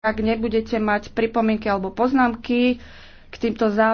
Ak nebudete mať pripomienky alebo poznámky k týmto zápisom,